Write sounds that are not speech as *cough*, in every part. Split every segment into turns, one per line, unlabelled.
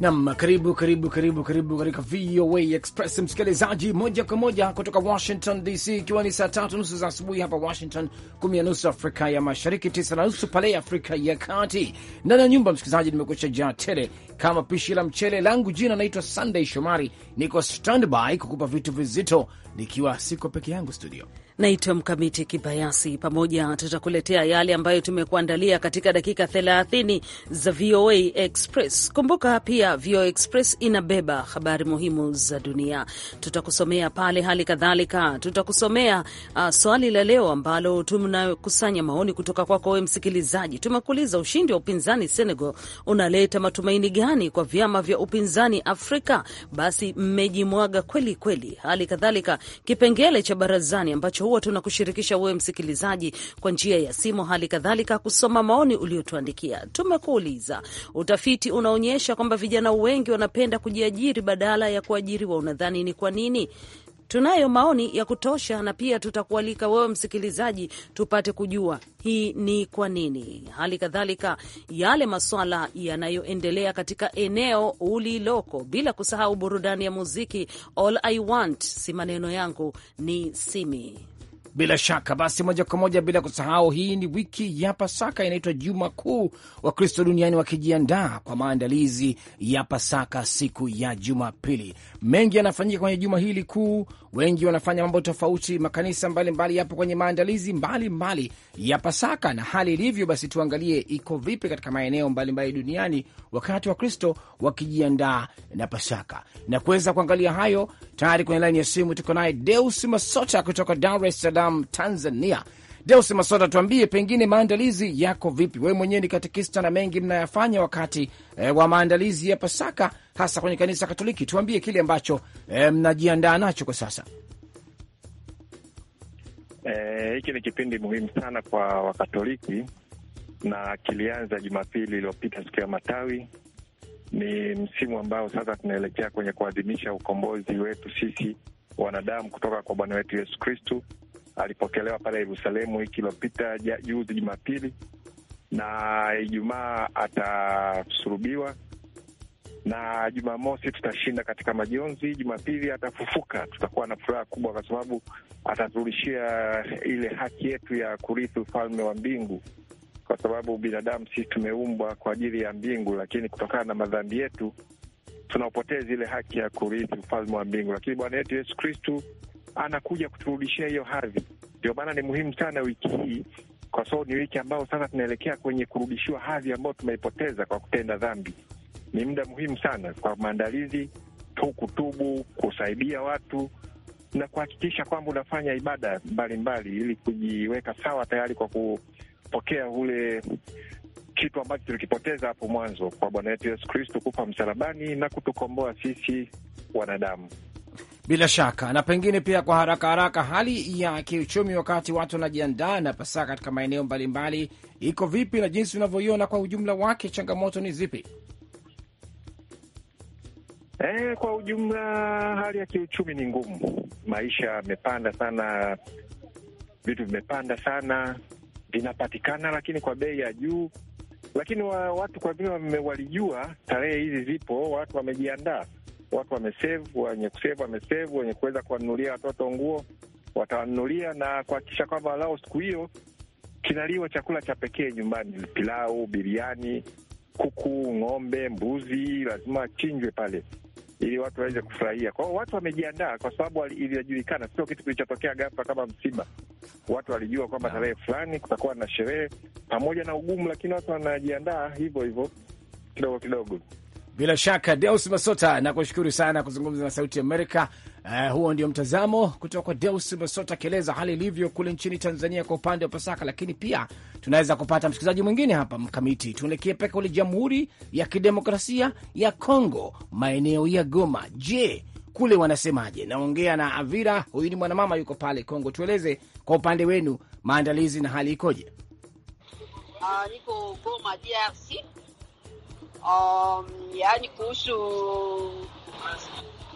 Nam, karibu karibu karibu karibu katika VOA Express msikilizaji, moja kwa moja kutoka Washington DC, ikiwa ni saa tatu nusu za asubuhi hapa Washington, kumi na nusu Afrika ya Mashariki, tisa na nusu pale Afrika ya Kati. Ndani ya nyumba msikilizaji, nimekusha jaa tele kama pishi la mchele langu. Jina naitwa Sunday Shomari, niko standby kukupa vitu vizito, nikiwa siko peke yangu studio Naitwa Mkamiti Kibayasi.
Pamoja tutakuletea yale ambayo tumekuandalia katika dakika 30 za VOA Express. Kumbuka pia VOA Express inabeba habari muhimu za dunia, tutakusomea pale. Hali kadhalika tutakusomea uh, swali la leo ambalo tunakusanya maoni kutoka kwako wewe msikilizaji. Tumekuuliza, ushindi wa upinzani Senegal unaleta matumaini gani kwa vyama vya upinzani Afrika? Basi mmejimwaga kweli kweli. Hali kadhalika kipengele cha barazani ambacho huo tunakushirikisha wewe msikilizaji kwa njia ya simu, hali kadhalika kusoma maoni uliotuandikia. Tumekuuliza, utafiti unaonyesha kwamba vijana wengi wanapenda kujiajiri badala ya kuajiriwa. Unadhani ni kwa nini? Tunayo maoni ya kutosha, na pia tutakualika wewe msikilizaji, tupate kujua hii ni kwa nini. Hali kadhalika yale maswala yanayoendelea katika eneo uliloko, bila kusahau burudani ya muziki All I Want si maneno yangu, ni Simi
bila shaka basi, moja kwa moja bila kusahau, hii ni wiki ya Pasaka, inaitwa Juma Kuu, Wakristo duniani wakijiandaa kwa maandalizi ya Pasaka siku ya Jumapili. Mengi yanafanyika kwenye juma hili kuu, wengi wanafanya mambo tofauti. Makanisa mbalimbali yapo kwenye maandalizi mbalimbali ya Pasaka, na hali ilivyo basi, tuangalie iko vipi katika maeneo mbalimbali duniani wakati Wakristo wakijiandaa na Pasaka. Na kuweza kuangalia hayo, tayari kwenye laini ya simu tuko naye Deus Masota kutoka Dar es Salaam Salaam, Tanzania. Deus Masoda, tuambie pengine maandalizi yako vipi? Wewe mwenyewe ni katekista na mengi mnayafanya wakati e, wa maandalizi ya Pasaka, hasa kwenye kanisa Katoliki. Tuambie kile ambacho e, mnajiandaa nacho kwa sasa.
Eh, hiki ni kipindi muhimu sana kwa Wakatoliki na kilianza Jumapili iliyopita siku ya Matawi. Ni msimu ambao sasa tunaelekea kwenye kuadhimisha ukombozi wetu sisi wanadamu kutoka kwa Bwana wetu Yesu Kristu alipokelewa pale Yerusalemu wiki iliyopita juzi Jumapili, na Ijumaa atasulubiwa na Jumamosi tutashinda katika majonzi. Jumapili atafufuka, tutakuwa na furaha kubwa, kwa sababu ataturudishia ile haki yetu ya kurithi ufalme wa mbingu, kwa sababu binadamu sisi tumeumbwa kwa ajili ya mbingu, lakini kutokana na madhambi yetu tunaopoteza ile haki ya kurithi ufalme wa mbingu. Lakini Bwana yetu Yesu Kristu anakuja kuturudishia hiyo hadhi. Ndio maana ni muhimu sana wiki hii, kwa sababu ni wiki ambayo sasa tunaelekea kwenye kurudishiwa hadhi ambayo tumeipoteza kwa kutenda dhambi. Ni muda muhimu sana kwa maandalizi tu, kutubu, kusaidia watu na kuhakikisha kwamba unafanya ibada mbalimbali ili kujiweka sawa tayari kwa kupokea ule kitu ambacho tulikipoteza hapo mwanzo kwa Bwana wetu Yesu Kristo kufa msalabani na kutukomboa sisi wanadamu.
Bila shaka na pengine pia kwa haraka haraka, hali ya kiuchumi wakati watu wanajiandaa na Pasaka katika maeneo mbalimbali iko vipi, na jinsi unavyoiona kwa ujumla wake, changamoto ni
zipi? E, kwa ujumla hali ya kiuchumi ni ngumu, maisha yamepanda sana, vitu vimepanda sana, vinapatikana lakini kwa bei ya juu, lakini wa, watu kwa vile walijua tarehe hizi zipo, watu wamejiandaa watu wamesave, wenye kusave wamesave, wenye kuweza kuwanunulia watoto nguo watawanunulia na kuhakikisha kwamba walao siku hiyo kinaliwa chakula cha pekee nyumbani, pilau, biriani, kuku, ng'ombe, mbuzi lazima wachinjwe pale ili watu waweze kufurahia. Kwa hiyo watu wamejiandaa, kwa sababu ilijulikana, sio kitu kilichotokea ghafla kama msiba. Watu walijua kwamba tarehe fulani kutakuwa na sherehe, pamoja na ugumu, lakini watu wanajiandaa hivyo hivyo kidogo kidogo.
Bila shaka Deus Masota, nakushukuru sana kuzungumza na Sauti Amerika. Uh, huo ndio mtazamo kutoka kwa Deus Masota akieleza hali ilivyo kule nchini Tanzania kwa upande wa Pasaka, lakini pia tunaweza kupata msikilizaji mwingine hapa mkamiti. Tuelekee peka kule Jamhuri ya Kidemokrasia ya Kongo, maeneo ya Goma. Je, kule wanasemaje? Naongea na Avira, huyu ni mwanamama yuko pale Kongo. Tueleze kwa upande wenu maandalizi na hali ikoje?
Uh, niko Goma DRC um, yani kuhusu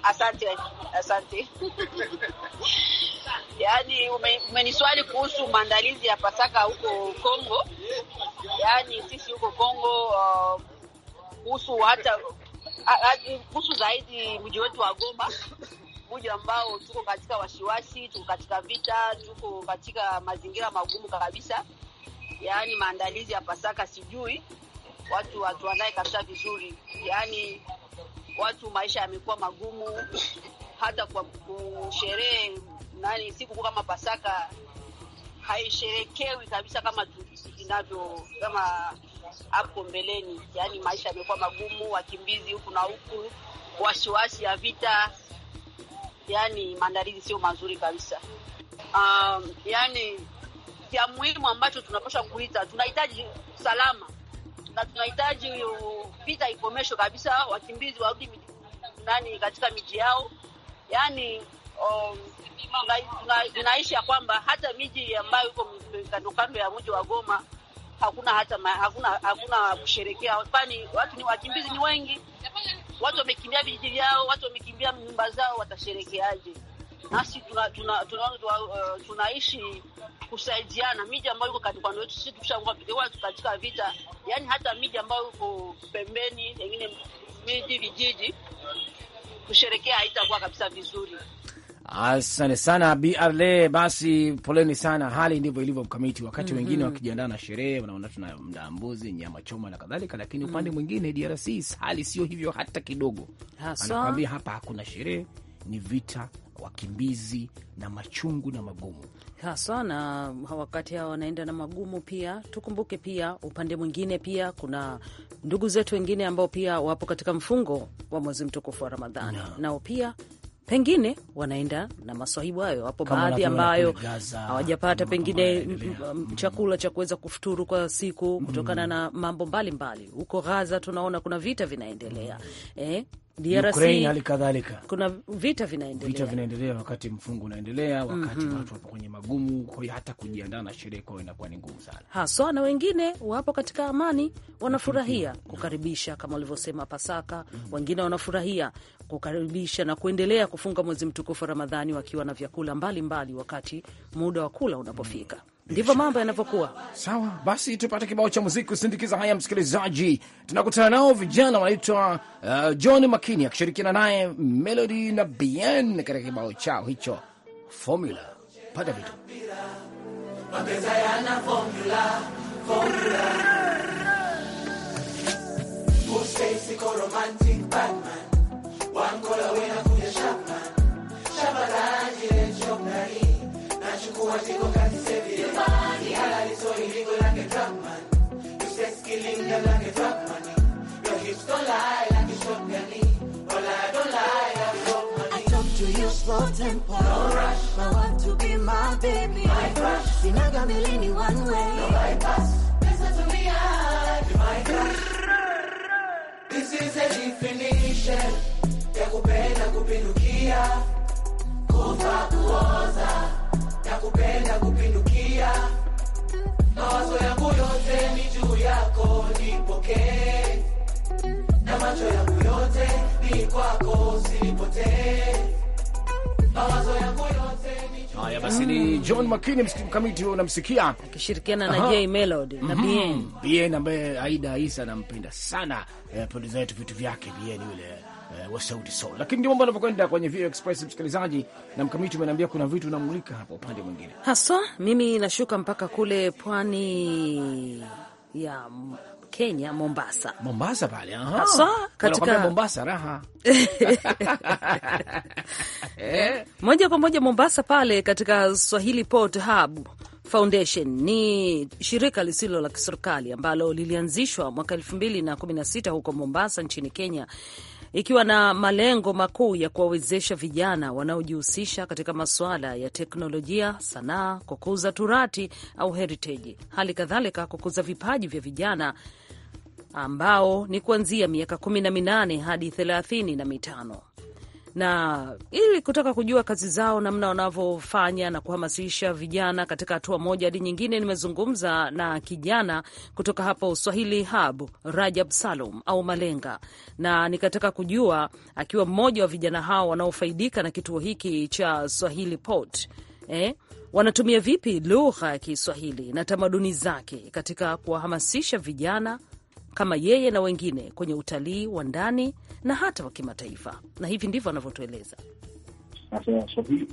Asante, asante. *laughs* Yani umeniswali kuhusu maandalizi ya Pasaka huko Kongo, yani sisi huko Kongo um, kuhusu hata kuhusu zaidi mji wetu wa Goma, mji ambao tuko katika wasiwasi, tuko katika vita, tuko katika mazingira magumu kabisa, yaani maandalizi ya Pasaka sijui watu watuandae kabisa vizuri, yaani watu maisha yamekuwa magumu, hata kwa kusherehe nani siku kama Pasaka haisherekewi kabisa kama inavyo kama hapo mbeleni, yaani maisha yamekuwa magumu, wakimbizi huku na huku, wasiwasi ya vita, yaani maandalizi sio mazuri kabisa. Um, yaani ya muhimu ambacho tunapaswa kuita tunahitaji salama na tunahitaji vita ikomeshwe kabisa, wakimbizi warudi ndani katika miji yao. Yani um, tunaishi ya kwamba hata miji ambayo iko kandokando ya mji wa Goma hakuna hata hakuna hakuna kusherekea, kwani watu ni wakimbizi, ni wengi, watu wamekimbia vijiji vyao, watu wamekimbia nyumba zao, watasherekeaje? nasi tunaishi tuna, tuna, tuna, tuna uh, kusaidiana. Miji ambayo iko katikano yetu sisi tukishakuwa katika vita, yaani hata miji ambayo iko pembeni, pengine miji vijiji, kusherekea haitakuwa kabisa vizuri.
Asante sana br basi poleni sana. Hali ndivyo ilivyo mkamiti wakati mm -hmm. wengine wakijiandaa na sherehe, unaona tuna mda mbuzi, nyama choma na kadhalika, lakini upande mm -hmm. mwingine DRC hali sio hivyo hata kidogo. Anakwambia hapa hakuna sherehe, ni vita wakimbizi na machungu na magumu
haswa, na wakati hawa wanaenda na magumu pia. Tukumbuke pia upande mwingine, pia kuna ndugu zetu wengine ambao pia wapo katika mfungo wa mwezi mtukufu wa Ramadhani no. nao pia pengine wanaenda na maswahibu hayo. Wapo baadhi ambayo hawajapata pengine chakula cha kuweza kufuturu kwa siku kutokana mm. na mambo mbalimbali huko mbali. Gaza tunaona kuna vita vinaendelea mm. eh,
DRC, hali kadhalika,
kuna vita vinaendelea, vita vinaendelea
wakati mfungo unaendelea, wakati mm -hmm. watu wapo kwenye magumu, kwa hiyo hata kujiandaa na sherehe kwao inakuwa ni ngumu sana
haswa na wengine wapo katika amani, wanafurahia
kukaribisha
kama walivyosema Pasaka mm -hmm. wengine wanafurahia kukaribisha na kuendelea kufunga mwezi mtukufu Ramadhani wakiwa na vyakula mbalimbali mbali, wakati muda wa kula unapofika mm -hmm.
Ndivyo mambo yanavyokuwa. Sawa, basi tupate kibao cha muziki kusindikiza haya, msikilizaji. Tunakutana nao vijana wanaitwa uh, John Makini akishirikiana naye Melody na Bien katika kibao chao hicho Formula. Pata vitu
slow tempo. No rush. My want to be my baby. My crush. Sinaga milini one way. No
makini mkamiti huyo, unamsikia akishirikiana na Jay Melody na mhm. Bien Bien, ambaye Aida Isa anampenda sana eh, producer yetu vitu vyake Bien yule eh, wa Sauti Sol. Lakini ndio mambo yanavyokwenda kwenye Vio Express, msikilizaji, na mkamiti umeniambia kuna vitu namulika hapa upande mwingine
haswa. Mimi nashuka mpaka kule pwani ya Kenya, Mombasa. Mombasa pale
hasa katika Mombasa raha *laughs* eh,
moja kwa moja Mombasa pale katika Swahili Port Hub Foundation ni shirika lisilo la kiserikali ambalo lilianzishwa mwaka 2016 huko Mombasa nchini Kenya, ikiwa na malengo makuu ya kuwawezesha vijana wanaojihusisha katika masuala ya teknolojia, sanaa, kukuza turati au heritage, hali kadhalika kukuza vipaji vya vijana ambao ni kuanzia miaka kumi na minane hadi thelathini na mitano na ili kutaka kujua kazi zao namna wanavyofanya na kuhamasisha vijana katika hatua moja hadi nyingine, nimezungumza na kijana kutoka hapa Uswahili Hub, Rajab Salum au Malenga, na nikataka kujua akiwa mmoja wa vijana hao wanaofaidika na kituo hiki cha Swahili Pot eh, wanatumia vipi lugha ya Kiswahili na tamaduni zake katika kuwahamasisha vijana kama yeye na wengine kwenye utalii wa ndani na hata wa kimataifa, na hivi ndivyo anavyotueleza.
Sasa so, hii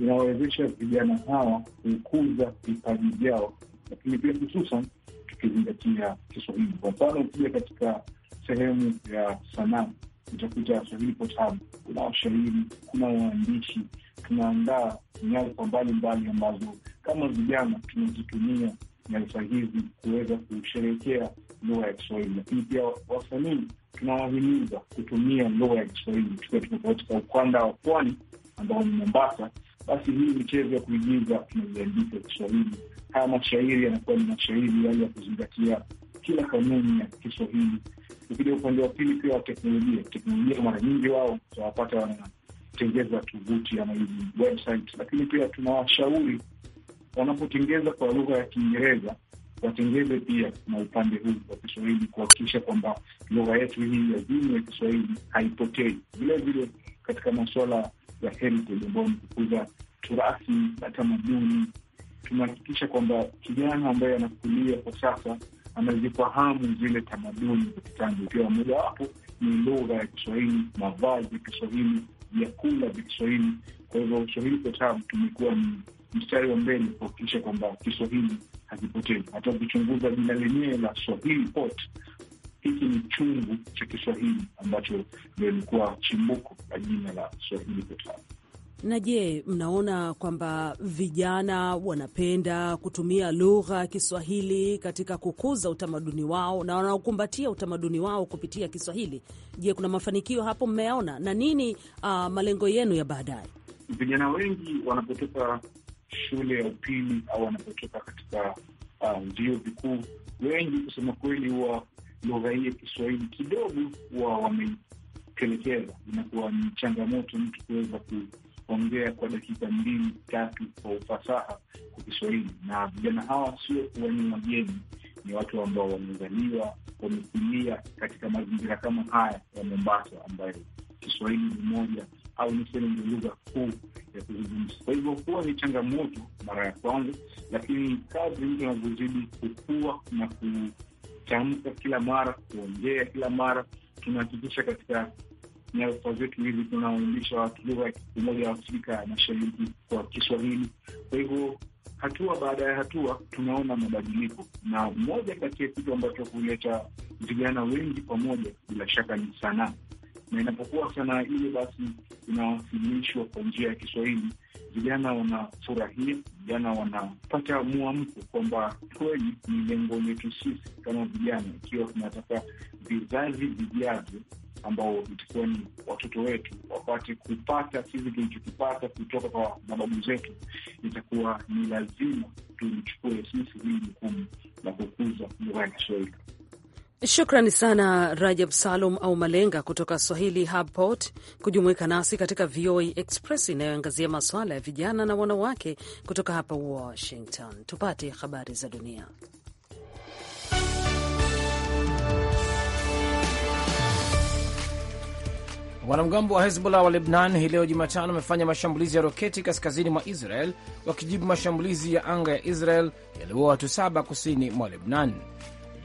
inawawezesha vijana hawa kukuza vipaji vyao, lakini pia hususan tukizingatia Kiswahili. Kwa mfano, ukija katika sehemu ya sanaa utakuta Swahili OSAB, kuna washairi, kuna waandishi. Tunaandaa nyarfa mbalimbali ambazo kama vijana tunazitumia nyarfa hizi kuweza kusherehekea lugha ya Kiswahili, lakini pia wasanii tunawahimiza kutumia lugha ya Kiswahili. Tukiwa tuko katika ukanda wa pwani ambao ni Mombasa, basi hii michezo ya kuigiza tunaiandika Kiswahili. Haya mashairi yanakuwa ni mashairi yale ya kuzingatia kila kanuni ya Kiswahili. Ukija upande wa pili pia wa teknolojia, teknolojia mara nyingi wao tunawapata wanatengeza tovuti ama hizi website, lakini pia tunawashauri wanapotengeza kwa lugha ya Kiingereza watengeze pia na upande huu wa Kiswahili kuhakikisha kwamba lugha yetu hii ya dini ya Kiswahili haipotei. Vilevile katika masuala ya heritage ambayo ni kukuza turathi na tamaduni, tunahakikisha kwamba kijana ambaye anakulia kwa sasa anazifahamu zile tamaduni za kitambo, ikiwa mojawapo ni lugha ya Kiswahili, mavazi ya Kiswahili, vyakula vya Kiswahili. Kwa hivyo Swahili sababu tumekuwa ni mstari wa mbele kuhakikisha kwamba Kiswahili hakipotei. Hata ukichunguza jina lenyewe la Swahili Pot, hiki ni chungu cha Kiswahili ambacho ndio ilikuwa chimbuko la jina la Swahili Pot.
Na je, mnaona kwamba vijana wanapenda kutumia lugha ya Kiswahili katika kukuza utamaduni wao na wanaokumbatia utamaduni wao kupitia Kiswahili? Je, kuna mafanikio hapo mmeona, na nini uh, malengo yenu ya baadaye?
Vijana wengi wanapotoka shule ya upili au wanapotoka katika uh, vyuo um, vikuu, wengi kusema kweli, wa lugha hii ya Kiswahili kidogo huwa wamepelekeza Inakuwa ni changamoto mtu kuweza kuongea kwa dakika mbili tatu kwa ufasaha kwa Kiswahili, na vijana hawa sio kuwa ni wageni, ni watu ambao wamezaliwa, wamekulia katika mazingira kama haya ya Mombasa, ambayo Kiswahili ni moja au niseme ndio lugha kuu ya kuzungumza. Kwa hivyo huwa ni changamoto mara ya kwanza, lakini kadri mtu anavyozidi kukua na kutamka kila mara, kuongea kila mara, tunahakikisha katika nyarfa zetu hizi tunawaundisha watu lugha ya Umoja wa Afrika Mashariki kwa Kiswahili. Kwa hivyo hatua baada ya hatua tunaona mabadiliko, na moja kati ya kitu ambacho huleta vijana wengi pamoja, bila shaka ni sanaa na inapokuwa sanaa ile basi inawasilishwa kwa njia ya Kiswahili, vijana wanafurahia, vijana wanapata mwamko kwamba kweli ni lengo letu sisi kama vijana, ikiwa tunataka vizazi vijavyo ambao itakuwa ni watoto wetu wapate kupata sisi tulichokipata kutoka kwa mababu zetu, itakuwa ni lazima tulichukue sisi hii jukumu la kukuza lugha ya Kiswahili.
Shukrani sana Rajab Salum au Malenga kutoka Swahili Hubport kujumuika nasi katika VOA Express inayoangazia masuala ya vijana na wanawake kutoka hapa Washington. Tupate habari za dunia.
Wanamgambo wa Hezbollah wa Lebnan hii leo Jumatano wamefanya mashambulizi ya roketi kaskazini mwa Israel wakijibu mashambulizi ya anga ya Israel yaliyoua watu saba kusini mwa Lebnan.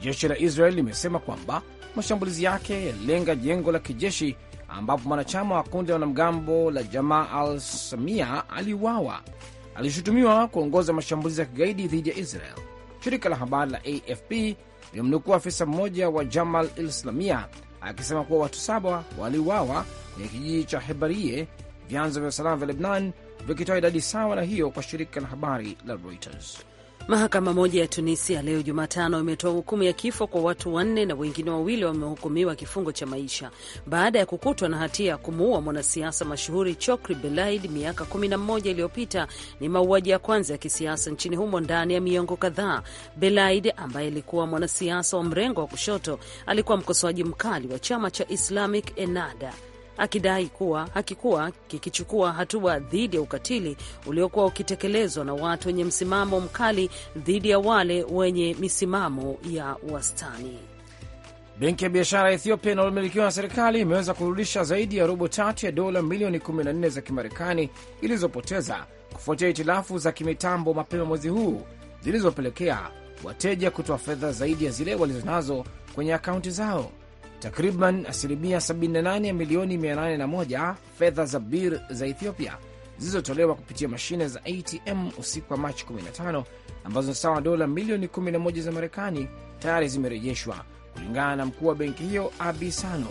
Jeshi la Israel limesema kwamba mashambulizi yake yalilenga jengo la kijeshi ambapo mwanachama wa kundi la wanamgambo la Jamaa al Samia aliuawa. Alishutumiwa kuongoza mashambulizi ya kigaidi dhidi ya Israel. Shirika la habari la AFP limemnukuu afisa mmoja wa Jamal al Islamia akisema kuwa watu saba waliuawa kwenye kijiji cha Hebarie, vyanzo vya usalama vya Lebnan vikitoa idadi sawa na hiyo kwa shirika la habari la Reuters. Mahakama moja ya Tunisia
leo Jumatano imetoa hukumu ya kifo kwa watu wanne na wengine wawili wamehukumiwa kifungo cha maisha baada ya kukutwa na hatia ya kumuua mwanasiasa mashuhuri Chokri Belaid miaka 11 iliyopita. Ni mauaji ya kwanza ya kisiasa nchini humo ndani ya miongo kadhaa. Belaid ambaye alikuwa mwanasiasa wa mrengo wa kushoto, alikuwa mkosoaji mkali wa chama cha Islamic Enada akidai kuwa hakikuwa kikichukua hatua dhidi ya ukatili uliokuwa ukitekelezwa na watu wenye msimamo mkali dhidi ya wale wenye misimamo ya wastani.
Benki ya biashara ya Ethiopia inayomilikiwa na serikali imeweza kurudisha zaidi ya robo tatu ya dola milioni 14 za Kimarekani ilizopoteza kufuatia hitilafu za kimitambo mapema mwezi huu zilizopelekea wateja kutoa fedha zaidi ya zile walizonazo kwenye akaunti zao. Takriban asilimia 78 ya milioni 801 fedha za bir za Ethiopia zilizotolewa kupitia mashine za ATM usiku wa Machi 15 ambazo ni sawa dola milioni 11 za Marekani tayari zimerejeshwa, kulingana na mkuu wa benki hiyo Abi Sano.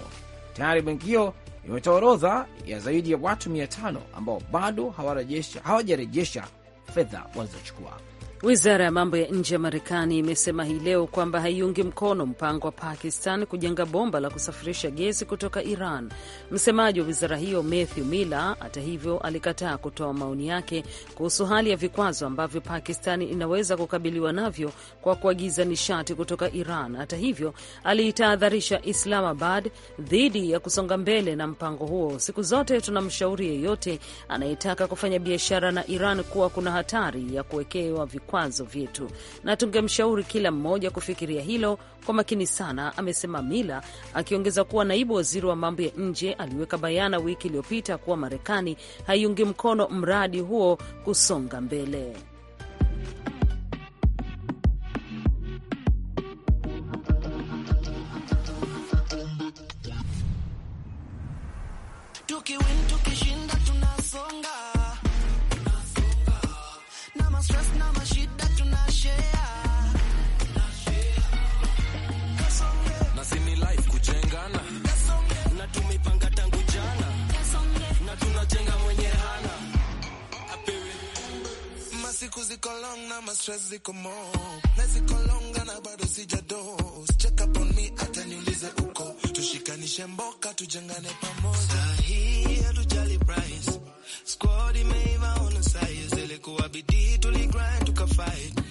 Tayari benki hiyo imetoa orodha ya zaidi ya watu 500 ambao bado hawajarejesha fedha walizochukua. Wizara ya mambo
ya nje ya Marekani imesema hii leo kwamba haiungi mkono mpango wa Pakistan kujenga bomba la kusafirisha gesi kutoka Iran. Msemaji wa wizara hiyo Matthew Miller, hata hivyo, alikataa kutoa maoni yake kuhusu hali ya vikwazo ambavyo Pakistan inaweza kukabiliwa navyo kwa kuagiza nishati kutoka Iran. Hata hivyo, aliitahadharisha Islamabad dhidi ya kusonga mbele na mpango huo. Siku zote tuna mshauri yeyote anayetaka kufanya biashara na Iran kuwa kuna hatari ya kuwekewa vikwazo vikwazo vyetu, na tungemshauri kila mmoja kufikiria hilo kwa makini sana, amesema Mila, akiongeza kuwa naibu waziri wa mambo ya nje aliweka bayana wiki iliyopita kuwa Marekani haiungi mkono mradi huo kusonga mbele.
siku ziko long na mastress ziko mo na ziko longa na bado sijado.
Check up on me hata uko, tushikanishe mboka tujengane pamoja. Sahi hatujali price, squad imeiva on size, ilikuwa bidii tuligrind tukafight,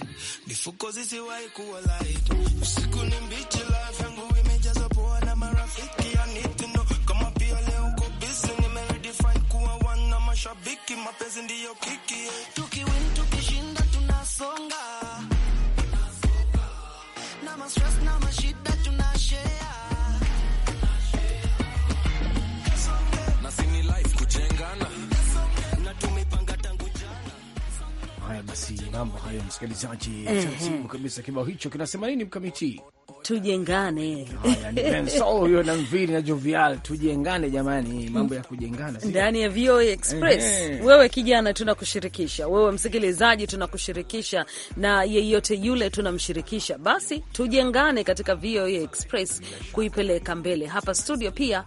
mifuko zisiwahi kuwa light, usiku ni mbichi, life yangu imejaza poa na marafiki I need kama pia leo uko busy, nimeredefine kuwa wana mashabiki, mapenzi ndiyo kiki
basi mambo hayo, msikilizaji, taratibu kabisa. Kibao hicho kinasema nini, mkamiti? Tujengane. Huyo na mviri na Jovial, tujengane jamani, mambo ya kujengana ndani ya VOA Express.
Wewe kijana, tunakushirikisha wewe msikilizaji, tunakushirikisha na yeyote yule tunamshirikisha, basi tujengane katika VOA Express kuipeleka mbele hapa studio pia,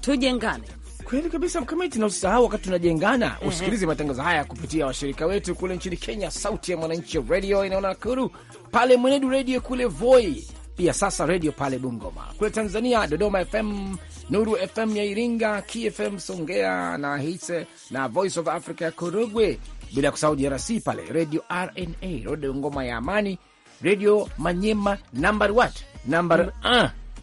tujengane
Kweli kabisa Mkamiti, na usisahau wakati tunajengana, mm -hmm. usikilize matangazo haya kupitia washirika wetu kule nchini Kenya, Sauti ya Mwananchi Radio eneo Nakuru, pale Mwenedu Radio kule Voi, pia sasa redio pale Bungoma, kule Tanzania Dodoma FM, Nuru FM ya Iringa, KFM Songea na Hise na Voice of Africa ya Korogwe, bila kusahau DRC pale redio RNA, redio Ngoma ya Amani, redio Manyema nambar wat nambar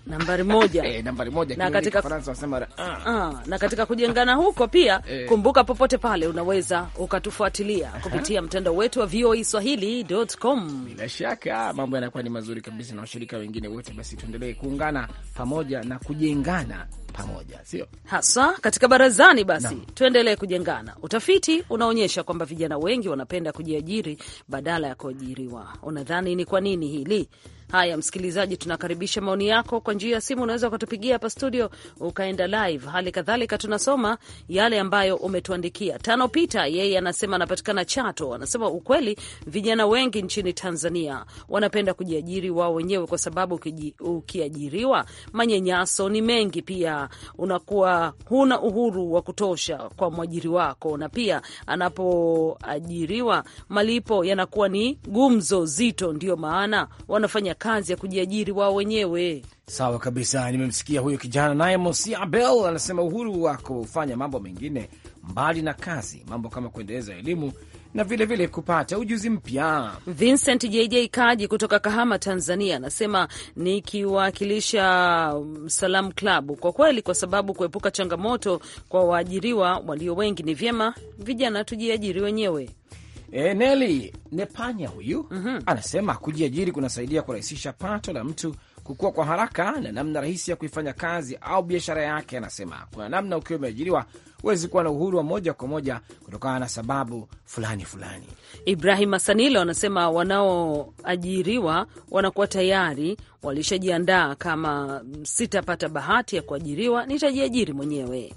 nambari moja. E, nambari moja na katika Faransa wanasema ah,
ah, na katika kujengana huko pia *laughs* e, kumbuka popote
pale unaweza ukatufuatilia kupitia mtandao wetu wa voaswahili.com. E Bila shaka mambo yanakuwa ni mazuri kabisa na washirika wengine wote, basi tuendelee kuungana pamoja na kujengana pamoja, sio
hasa katika barazani. Basi no. tuendelee kujengana. Utafiti unaonyesha kwamba vijana wengi wanapenda kujiajiri badala ya kuajiriwa. Unadhani ni kwa nini hili? Haya, msikilizaji, tunakaribisha maoni yako kwa njia ya simu. Unaweza ukatupigia hapa studio ukaenda live, hali kadhalika tunasoma yale ambayo umetuandikia. Tano Pita yeye anasema anapatikana Chato, anasema ukweli, vijana wengi nchini Tanzania wanapenda kujiajiri wao wenyewe kwa sababu ukiajiriwa, manyanyaso ni mengi, pia unakuwa huna uhuru wa kutosha kwa mwajiri wako, na pia anapoajiriwa malipo yanakuwa ni gumzo zito, ndio maana wanafanya kazi ya kujiajiri wao wenyewe.
Sawa kabisa, nimemsikia huyo kijana naye Mosi Abel anasema uhuru wa kufanya mambo mengine mbali na kazi, mambo kama kuendeleza elimu na vilevile vile kupata ujuzi mpya. Vincent JJ Kaji kutoka
Kahama, Tanzania, anasema nikiwakilisha um, Salam Club kwa kweli, kwa sababu kuepuka changamoto kwa waajiriwa walio wengi, ni vyema
vijana tujiajiri wenyewe. E, eh, Neli Nepanya huyu mm -hmm. anasema kujiajiri kunasaidia kurahisisha pato la mtu kukua kwa haraka na namna rahisi ya kuifanya kazi au biashara yake. Anasema kuna namna ukiwa umeajiriwa huwezi kuwa na uhuru wa moja kwa moja kutokana na sababu fulani fulani. Ibrahim Asanilo anasema
wanaoajiriwa wanakuwa tayari walishajiandaa, kama sitapata
bahati ya kuajiriwa nitajiajiri mwenyewe.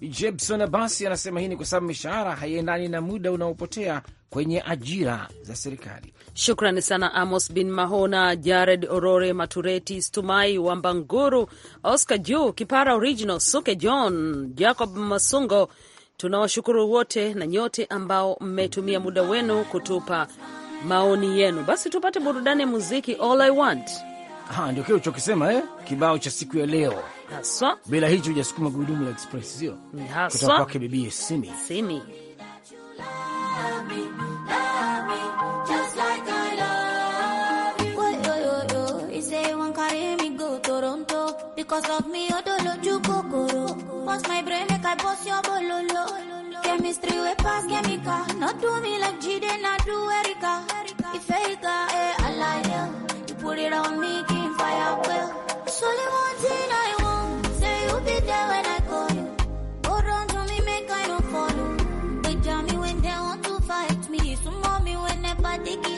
Jebson Abasi anasema hii ni kwa sababu mishahara haiendani na muda unaopotea kwenye ajira za serikali. Shukrani sana
Amos bin Mahona, Jared Orore, Matureti Stumai, Wambanguru, Oscar Ju Kipara, Original Suke, John Jacob Masungo. Tunawashukuru wote na nyote ambao mmetumia muda wenu kutupa maoni yenu. Basi tupate burudani ya muziki All I Want.
Ndio kile uchokisema eh? Kibao cha siku ya leo haswa. Bila hicho hujasukuma gurudumu la express, sio kutoka kwake bibie Simi Simi.
Because of me, don't you odoloju kokoro. Once my brain, make I bust your bololo. Chemistry we pass chemical. Not do me like Jide, not do Erika. If Erika, eh, I lie, yeah. You put it on me, king fire, well. It's only one thing I Te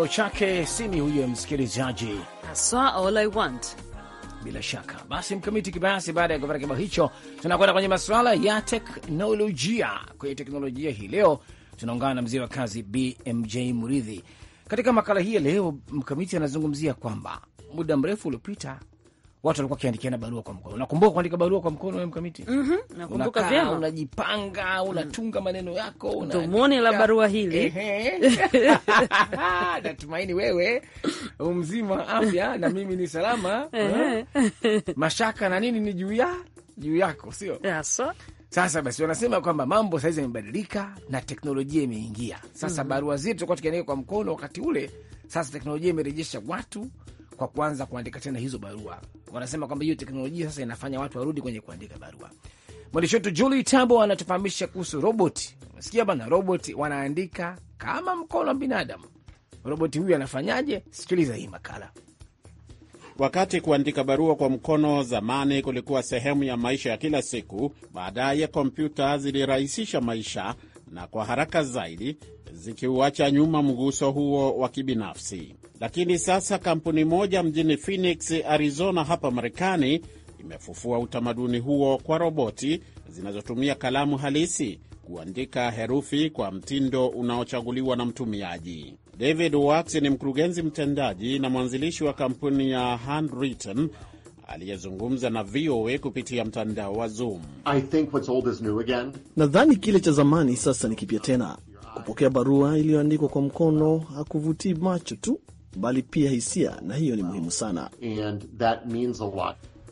kibao chake simi huyo msikilizaji all I want. Bila shaka basi, mkamiti kibayasi. Baada ya kupata kibao hicho, tunakwenda kwenye masuala ya teknolojia. Kwenye teknolojia hii leo tunaungana na mzee wa kazi BMJ Muridhi. Katika makala hii ya leo, mkamiti anazungumzia kwamba muda mrefu uliopita watu walikuwa wakiandikiana barua kwa mkono. Unakumbuka kuandika barua kwa mkono wewe mkamiti? mm -hmm. Nakumbuka vyema. Unajipanga, mm. unatunga maneno yako, tumone la barua hili. *laughs* Natumaini wewe umzima afya na mimi ni salama mashaka na nini ni juu ya juu yako, sio yes. Sasa basi, wanasema kwamba mambo sahizi yamebadilika na teknolojia imeingia sasa. mm -hmm. Barua zetu tulikuwa tukiandika kwa mkono wakati ule, sasa teknolojia imerejesha watu kwa kwanza kuandika tena hizo barua. Wanasema kwamba hiyo teknolojia sasa inafanya watu warudi kwenye kuandika barua. Mwandishi wetu Julie Tambo anatufahamisha kuhusu roboti. Umesikia bana, roboti wanaandika kama mkono wa binadamu. Roboti huyu anafanyaje? Sikiliza hii makala.
Wakati kuandika barua kwa mkono zamani kulikuwa sehemu ya maisha ya kila siku, baadaye kompyuta zilirahisisha maisha na kwa haraka zaidi, zikiuacha nyuma mguso huo wa kibinafsi. Lakini sasa kampuni moja mjini Phoenix, Arizona, hapa Marekani imefufua utamaduni huo kwa roboti zinazotumia kalamu halisi kuandika herufi kwa mtindo unaochaguliwa na mtumiaji. David Wax ni mkurugenzi mtendaji na mwanzilishi wa kampuni ya Handwritten aliyezungumza na VOA kupitia mtandao wa Zoom.
Nadhani kile cha zamani sasa ni kipya tena. Kupokea barua iliyoandikwa kwa mkono hakuvutii macho tu, bali pia hisia, na hiyo ni muhimu sana.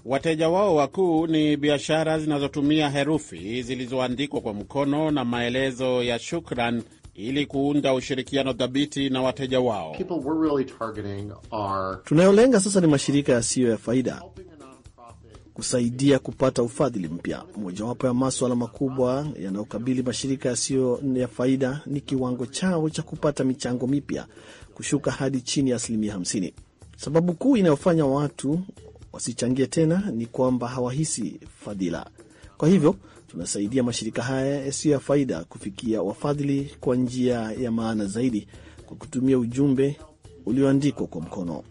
Wateja wao wakuu ni biashara zinazotumia herufi zilizoandikwa kwa mkono na maelezo ya shukran ili kuunda ushirikiano thabiti na wateja wao. Really are... tunayolenga sasa ni
mashirika yasiyo ya faida kusaidia kupata ufadhili mpya. Mojawapo ya maswala makubwa yanayokabili mashirika yasiyo ya faida ni kiwango chao cha kupata michango mipya kushuka hadi chini ya asilimia 50. Sababu kuu inayofanya watu wasichangie tena ni kwamba hawahisi fadhila. Kwa hivyo tunasaidia mashirika haya yasiyo ya faida kufikia wafadhili kwa njia ya maana zaidi, kwa kutumia ujumbe ulioandikwa kwa mkono.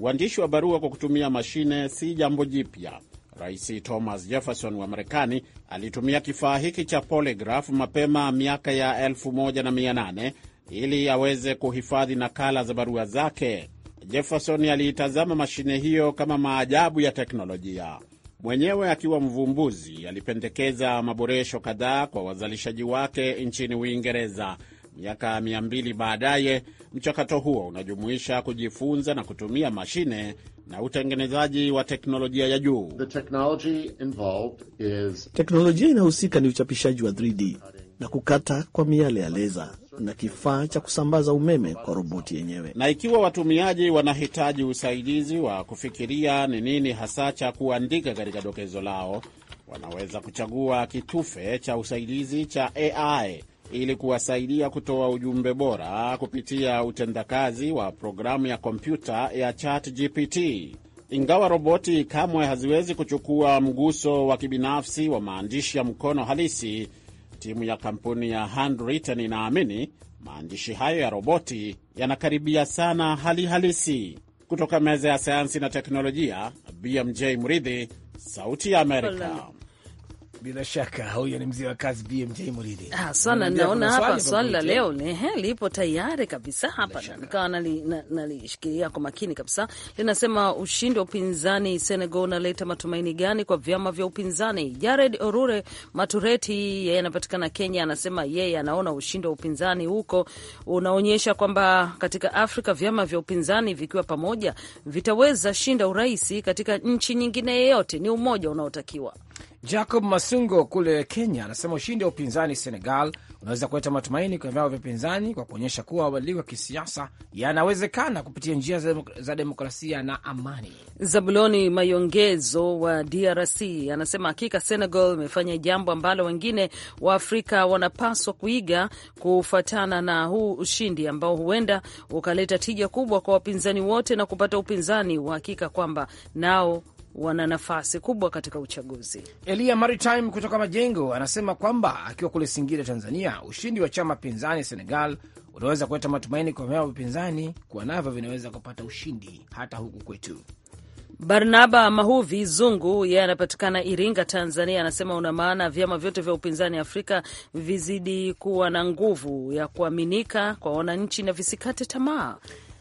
Uandishi wa barua kwa kutumia mashine si jambo jipya, Rais Thomas Jefferson wa Marekani alitumia kifaa hiki cha polygraph mapema miaka ya 1800 ili aweze kuhifadhi nakala za barua zake. Jefferson aliitazama mashine hiyo kama maajabu ya teknolojia. Mwenyewe akiwa mvumbuzi, alipendekeza maboresho kadhaa kwa wazalishaji wake nchini Uingereza. Miaka 200 baadaye, mchakato huo unajumuisha kujifunza na kutumia mashine na utengenezaji wa teknolojia ya juu.
Teknolojia inahusika ni uchapishaji wa 3D na kukata kwa miale ya leza na kifaa cha kusambaza umeme kwa roboti yenyewe.
Na ikiwa watumiaji wanahitaji usaidizi wa kufikiria ni nini hasa cha kuandika katika dokezo lao, wanaweza kuchagua kitufe cha usaidizi cha AI ili kuwasaidia kutoa ujumbe bora kupitia utendakazi wa programu ya kompyuta ya ChatGPT. Ingawa roboti kamwe haziwezi kuchukua mguso wa kibinafsi wa maandishi ya mkono halisi, timu ya kampuni ya Handwritten inaamini maandishi hayo ya roboti yanakaribia sana hali halisi. Kutoka meza ya sayansi na teknolojia, BMJ Mridhi, Sauti ya Amerika.
Bila shaka huyo ni mzee wa kazi BMJ Muridi. Ah, swala naona hapa swali la leo
ehe, lipo tayari kabisa hapa, nikawa nalishikilia kwa makini kabisa. Linasema ushindi wa upinzani Senegal unaleta matumaini gani kwa vyama vya upinzani? Jared Orure Matureti, yeye anapatikana Kenya, anasema yeye anaona ushindi wa upinzani huko unaonyesha kwamba katika Afrika vyama vya upinzani vikiwa pamoja vitaweza shinda urais katika nchi nyingine yeyote. Ni
umoja unaotakiwa. Jacob Masungo kule Kenya anasema ushindi wa upinzani Senegal unaweza kuleta matumaini kwa vyama vya upinzani kwa kuonyesha kuwa mabadiliko ya kisiasa yanawezekana kupitia njia za demokrasia na amani. Zabuloni Mayongezo wa
DRC anasema hakika Senegal imefanya jambo ambalo wengine wa Afrika wanapaswa kuiga, kufuatana na huu ushindi ambao huenda ukaleta tija kubwa kwa wapinzani wote na kupata upinzani uhakika kwamba nao wana nafasi kubwa katika uchaguzi.
Elia Maritime kutoka Majengo anasema kwamba akiwa kule Singida, Tanzania, ushindi wa chama pinzani Senegal unaweza kuleta matumaini kwa vyama vipinzani kuwa navyo vinaweza kupata ushindi hata huku kwetu. Barnaba Mahuvi Zungu, yeye
anapatikana Iringa, Tanzania, anasema una maana vyama vyote vya upinzani Afrika vizidi
kuwa na nguvu ya kuaminika kwa wananchi na visikate tamaa.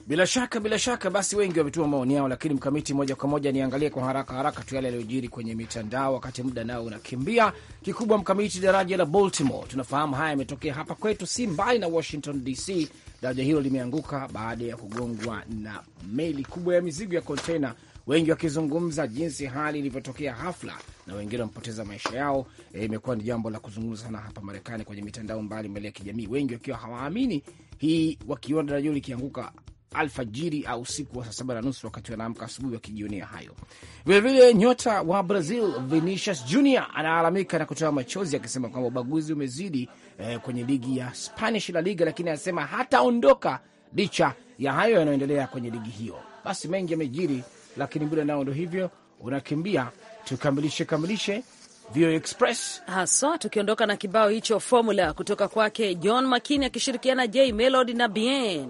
Bila shaka, bila shaka. Basi wengi wametuma maoni yao, lakini mkamiti, moja kwa moja niangalie kwa haraka haraka tu yale yaliyojiri kwenye mitandao, wakati muda nao unakimbia. Kikubwa mkamiti, daraja la Baltimore, tunafahamu haya yametokea hapa kwetu, si mbali na Washington DC. Daraja hilo limeanguka baada ya kugongwa na meli kubwa ya mizigo ya kontena, wengi wakizungumza jinsi hali ilivyotokea hafla na wengine wamepoteza maisha yao. Eh, imekuwa e, ni jambo la kuzungumza sana hapa Marekani kwenye mitandao mbalimbali ya kijamii, wengi wakiwa hawaamini hii, wakiona daraja likianguka alfajiri au usiku wa saa saba na nusu wakati wanaamka asubuhi wakijionea hayo. Vilevile nyota wa Brazil Vinicius Jr analalamika na kutoa machozi akisema kwamba ubaguzi umezidi eh, kwenye ligi ya Spanish La Liga, lakini anasema hataondoka licha ya hayo yanayoendelea kwenye ligi hiyo. Basi mengi yamejiri, lakini muda nao ndo hivyo unakimbia. Tukamilishe kamilishe Vio Express haswa, tukiondoka na kibao hicho Formula kutoka
kwake John Makini akishirikiana J Melody na Bien.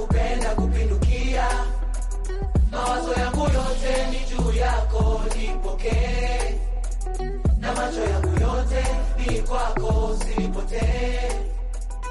kupenda kupindukia,
mawazo yangu yote
ni juu yako, nipokee na macho yangu yote ni kwako, usinipotee